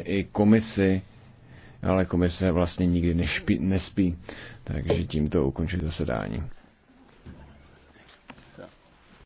i komisi, ale komise vlastně nikdy nešpí, nespí. Takže tímto ukončuji zasedání.